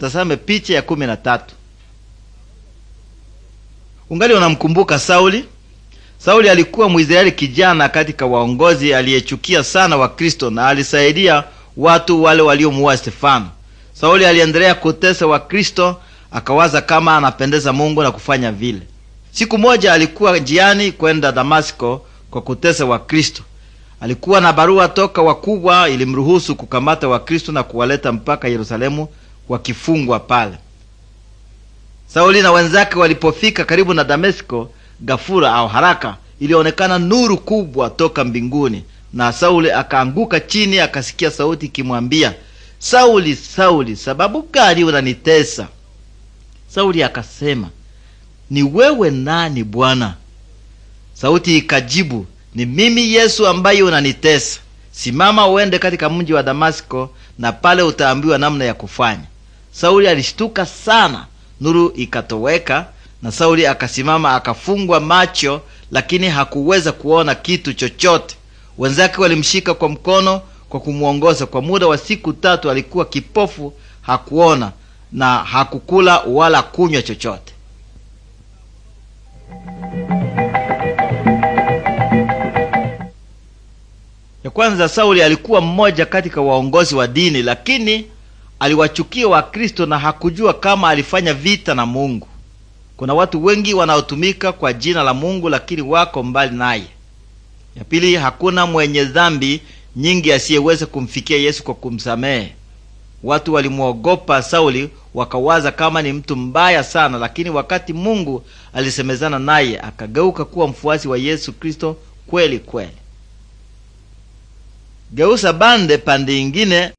Tazame picha ya kumi na tatu. Ungali unamkumbuka Sauli? Sauli alikuwa Mwisraeli kijana katika waongozi aliyechukia sana Wakristo na alisaidia watu wale waliomuua Stefano. Sauli aliendelea kutesa Wakristo, akawaza kama anapendeza Mungu na kufanya vile. Siku moja alikuwa njiani kwenda Damasko kwa kutesa Wakristo. Alikuwa na barua toka wakubwa ilimruhusu kukamata Wakristo na kuwaleta mpaka Yerusalemu wakifungwa pale. Sauli na wenzake walipofika karibu na Damesko, ghafula au haraka ilionekana nuru kubwa toka mbinguni, na Sauli akaanguka chini, akasikia sauti ikimwambia, Sauli, Sauli, sababu gani unanitesa? Sauli akasema, ni wewe nani Bwana? Sauti ikajibu, ni mimi Yesu ambaye unanitesa. Simama uende katika mji wa Damasko, na pale utaambiwa namna ya kufanya. Sauli alishtuka sana, nuru ikatoweka na Sauli akasimama akafungwa macho, lakini hakuweza kuona kitu chochote. Wenzake walimshika kwa mkono kwa kumwongoza. Kwa muda wa siku tatu alikuwa kipofu, hakuona na hakukula wala kunywa chochote. Ya kwanza, Sauli alikuwa mmoja katika waongozi wa dini, lakini aliwachukia Wakristo na hakujua kama alifanya vita na Mungu. Kuna watu wengi wanaotumika kwa jina la Mungu lakini wako mbali naye. Ya pili, hakuna mwenye dhambi nyingi asiyeweza kumfikia Yesu kwa kumsamehe. Watu walimwogopa Sauli, wakawaza kama ni mtu mbaya sana, lakini wakati Mungu alisemezana naye akageuka kuwa mfuasi wa Yesu Kristo kweli kweli. Geusa bande pande ingine